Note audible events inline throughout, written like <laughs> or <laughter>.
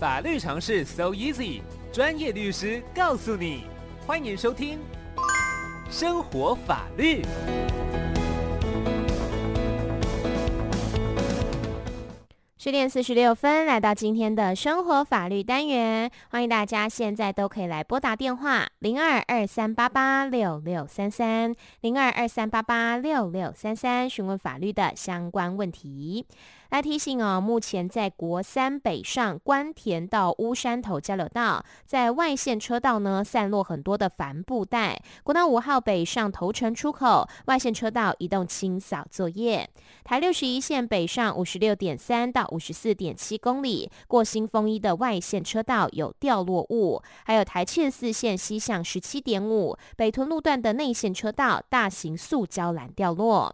法律常識 so easy，專業律師告訴你，歡迎收聽生活法律。十點四十六分，來到今天的生活法律單元，歡迎大家現在都可以來撥打電話零二二三八八六六三三，零二二三八八六六三三，33, 33，詢問法律的相關問題。來提醒哦，目前在國三北上官田到烏山頭交流道，在外線車道呢散落很多的帆布袋。國道五號北上頭城出口外線車道移動清掃作業。台六十一線北上五十六點三到五十四點七公里，過新豐一的外線車道有掉落物，還有台七十四線西向十七點五北屯路段的內線車道大型塑膠籃掉落。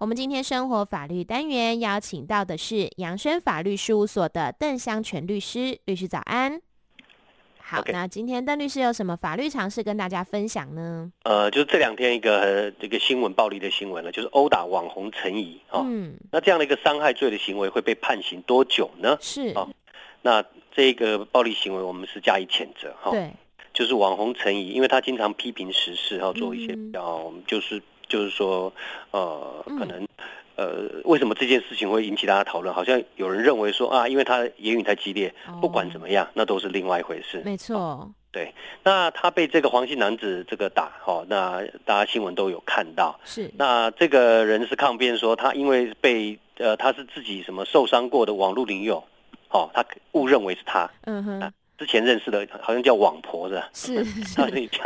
我們今天生活法律單元邀請到的。是陽昇法律事務所的鄧湘全律師，律師早安。好，Okay. 那今天鄧律師有什麼法律常識跟大家分享呢？呃，就是這兩天一個這、呃、個新聞暴力的新聞呢，就是毆打網紅陳怡、哦，嗯，那這樣的一個傷害罪的行為會被判刑多久呢？是、哦，那這個暴力行為我們是加以譴責哈。哦、對，就是網紅陳怡，因為他經常批評時事，還、哦、做一些比較、嗯哦，就是就是說呃可能、嗯。呃，為什麼這件事情會引起大家討論？好像有人認為說啊，因為他言語太激烈，不管怎麼樣，那都是另外一回事。沒錯。哦，對，那他被這個黃姓男子這個打，哈、哦，那大家新聞都有看到。是。那這個人是抗辯說，他因為被呃，他是自己什麼受傷過的網路領友，哦，他誤認為是他。嗯哼。啊之前認識的，好像叫網婆，是,是,是，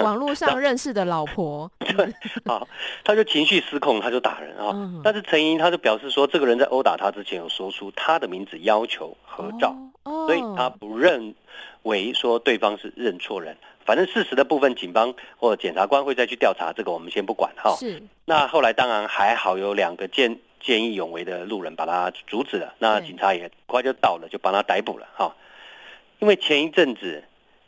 網絡上認識的老婆， <laughs> 對，啊，他就情緒失控，他就打人啊。嗯、但是陳英他就表示說，這個人在毆打他之前有說出他的名字，要求合照，哦、所以他不認為說對方是認錯人。反正事實的部分，警方或檢察官會再去調查，這個我們先不管哈。是。那後來當然還好有兩，有兩個見見義勇為的路人把他阻止了，對那警察也快就到了，就幫他逮捕了哈。因為前一陣子，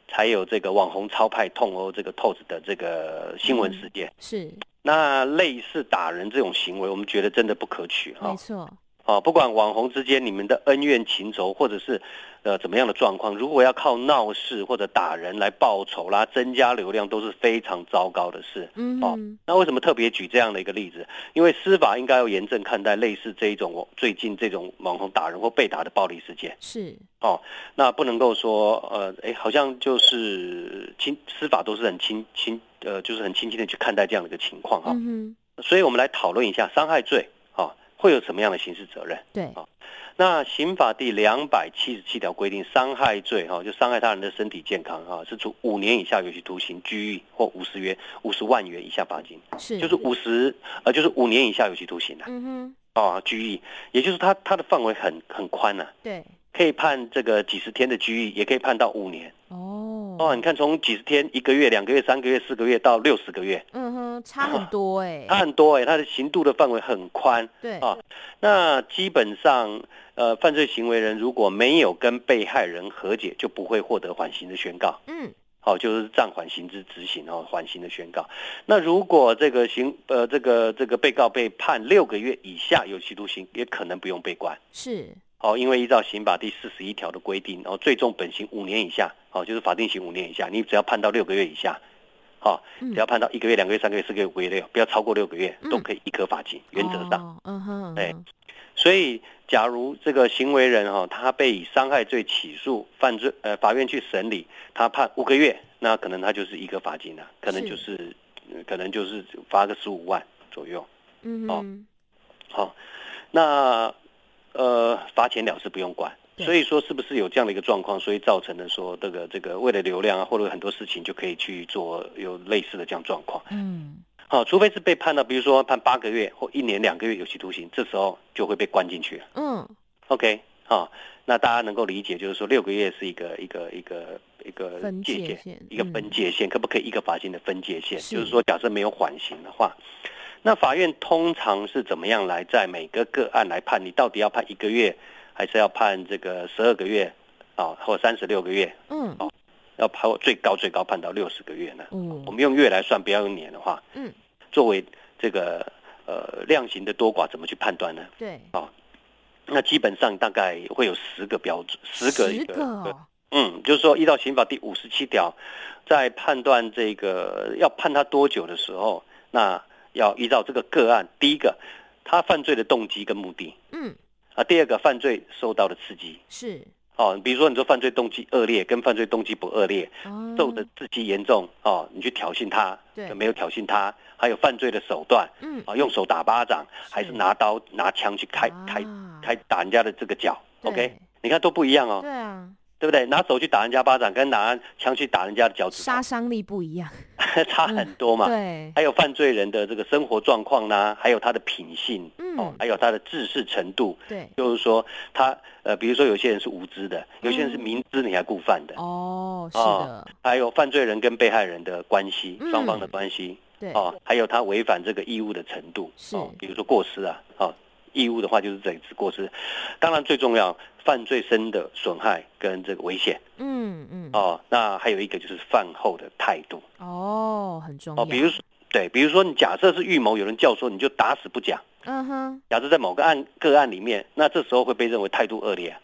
才有這個網紅超派痛毆這個透子的這個新聞事件，嗯，是，那類似打人這種行為，我們覺得真的不可取哈。沒錯。哦，不管網紅之間你們的恩怨情仇，或者是呃怎麼樣的狀況，如果要靠鬧事或者打人來報仇啦，增加流量都是非常糟糕的事。嗯哼，哦，那為什麼特別舉這樣的一個例子？因為司法應該要嚴正看待類似這一種最近這種網紅打人或被打的暴力事件。是哦，那不能夠說呃，哎，好像就是輕司法都是很輕輕，呃，就是很輕輕的去看待這樣的一個情況哈。哦、嗯哼，所以我們來討論一下傷害罪。會有什麼樣的刑事責任？對啊、哦，那刑法第兩百七十七條規定，傷害罪哈、哦，就傷害他人的身體健康哈、哦，是處五年以下有期徒刑、拘役或五十元五十萬元以下罰金。是，就是五十對呃，就是五年以下有期徒刑啊，嗯哼，哦，拘役，也就是他他的範圍很很寬吶、啊，對，可以判這個幾十天的拘役，也可以判到五年。哦，哦，你看從幾十天、一個月、兩個月、三個月、四個月到六十個月。嗯差很多哎、欸，差很多哎、欸，他的刑度的範圍很寬。對啊、哦，那基本上，呃，犯罪行為人如果沒有跟被害人和解，就不會獲得緩刑的宣告。嗯，好、哦，就是暫緩刑之執行哦，緩刑的宣告。那如果這個刑，呃，這個這個被告被判六個月以下有期徒刑，也可能不用被關。是，好、哦，因為依照刑法第四十一條的規定，哦，最重本刑五年以下，哦，就是法定刑五年以下，你只要判到六個月以下。只要判到一個月、兩個月、三個月、四個月、五個月六，不要超過六個月，都可以一科罰金。嗯、原則上，哦、嗯哼，哎，所以，假如這個行為人哈、哦，他被以傷害罪起訴，犯罪，呃，法院去審理，他判五個月，那可能他就是一科罰金了、啊，可能就是，是、呃，可能就是罰個十五萬左右。嗯哼，好、哦哦，那，呃，罰錢了事，不用管。對所以說，是不是有這樣的一個狀況，所以造成的說，這個這個為了流量啊，或者很多事情就可以去做有類似的這樣狀況。嗯，好，除非是被判到，比如說判八個月或一年兩個月有期徒刑，這時候就會被關進去了嗯。嗯，OK，好、哦，那大家能夠理解，就是說六個月是一個一個一個一個界限，分界線一個分界線，嗯、可不可以一個罰金的分界線？是就是說，假設沒有緩刑的話，那法院通常是怎麼樣來在每個個案來判？你到底要判一個月？還是要判這個十二個月，啊、哦，或三十六個月，嗯，哦、要判最高最高判到六十個月呢。嗯，我們用月來算，不要用年的話，嗯，作為這個呃量刑的多寡，怎麼去判斷呢？對，啊、哦，那基本上大概會有十個標準，十個一個，個哦、嗯，就是說依照刑法第五十七條，在判斷這個要判他多久的時候，那要依照這個個案，第一個他犯罪的動機跟目的，嗯。啊，第二個犯罪受到的刺激，是哦，比如說你說犯罪動機惡劣，跟犯罪動機不惡劣，哦、受的刺激嚴重哦，你去挑釁他，對，沒有挑釁他，還有犯罪的手段，嗯，啊、哦，用手打巴掌，是還是拿刀拿槍去開、啊、開開打人家的這個腳對，OK，你看都不一樣哦，對不對？拿手去打人家巴掌，跟拿槍去打人家的腳趾，殺傷力不一樣， <laughs> 差很多嘛。嗯、對，還有犯罪人的這個生活狀況呢、啊、還有他的品性，嗯、哦、還有他的智識程度。對、嗯，就是說他呃，比如說有些人是無知的，嗯、有些人是明知你還故犯的。哦，是的、哦。還有犯罪人跟被害人的關係，雙、嗯、方的關係。嗯、對。哦，還有他違反這個義務的程度，是、哦，比如說過失啊，哦。義務的話就是這一次過失，當然最重要，犯罪生的損害跟這個危險，嗯，嗯嗯，哦，那還有一個就是犯後的態度，哦，很重要，哦，比如說對，比如說你假設是預謀，有人叫說你就打死不講，嗯哼、uh，huh、假設在某個案個案裡面，那這時候會被認為態度惡劣啊，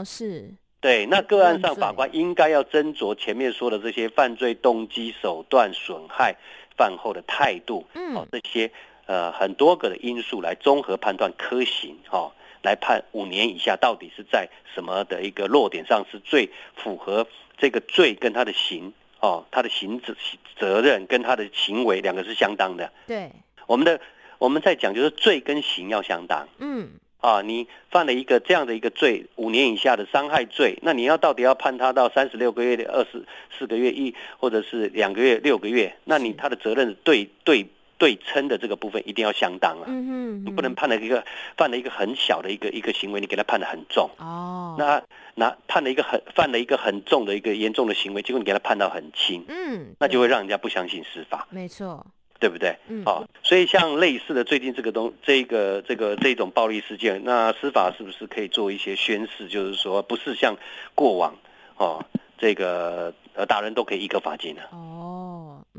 哦是，對，那個案上法官應該要斟酌前面說的這些犯罪動機、手段、損害、犯後的態度，嗯，哦這些。呃，很多個的因素來綜合判斷科刑，哈、哦，來判五年以下到底是在什麼的一個落點上是最符合這個罪跟他的刑，哦，他的刑責責任跟他的行為兩個是相當的。對，我們的我們在講就是罪跟刑要相當。嗯，啊，你犯了一個這樣的一個罪，五年以下的傷害罪，那你要到底要判他到三十六個月的二十四個月一，或者是兩個月六個月，那你他的責任對是對。對對稱的這個部分一定要相當啊，你嗯嗯不能判了一個犯了一個很小的一個一個行為，你給他判得很重哦。那那判了一個很犯了一個很重的一個嚴重的行為，結果你給他判到很輕，嗯，那就會讓人家不相信司法，沒錯，對不對？嗯，好、哦，所以像類似的最近這個東這個這個這，個、這種暴力事件，那司法是不是可以做一些宣示，就是說不是像過往哦，這個呃打人都可以一個罰金了、啊？哦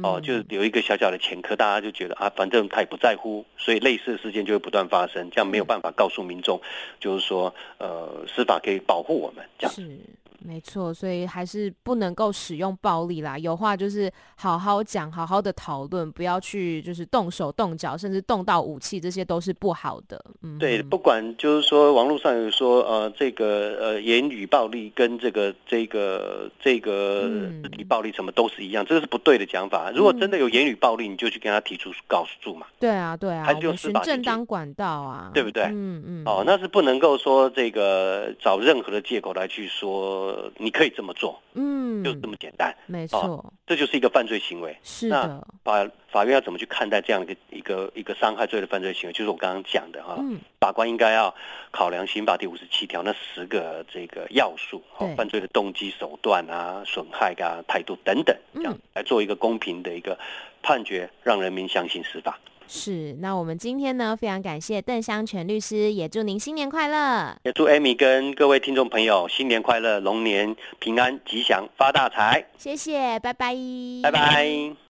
哦，就有一個小小的前科，大家就覺得啊，反正他也不在乎，所以類似的事件就會不斷發生，這樣沒有辦法告訴民眾，就是說，呃，司法可以保護我們這樣子。沒錯，所以還是不能夠使用暴力啦。有話就是好好講，好好的討論，不要去就是動手動腳，甚至動到武器，這些都是不好的。嗯、對，不管就是說網絡上有說呃這個呃言語暴力跟這個這個這個肢體暴力什麼都是一樣，嗯、這個是不對的講法。如果真的有言語暴力，嗯、你就去跟他提出告訴嘛。對啊，對啊，還就是用正當管道啊，對不對？嗯嗯。嗯哦，那是不能夠說這個找任何的借口來去說。呃，你可以這麼做，嗯，就這麼簡單，沒錯、啊，這就是一個犯罪行為。是的那法法院要怎麼去看待這樣一個一個一個傷害罪的犯罪行為，就是我剛剛講的哈，啊嗯、法官應該要考量刑法第五十七條那十個這個要素，啊、對犯罪的動機、手段啊、損害啊、態度等等，這樣、嗯、來做一個公平的一個判決，讓人民相信司法。是，那我們今天呢，非常感謝鄧湘全律師，也祝您新年快樂，也祝 Amy 跟各位聽眾朋友新年快樂，龍年平安吉祥，發大財，謝謝，拜拜，拜拜。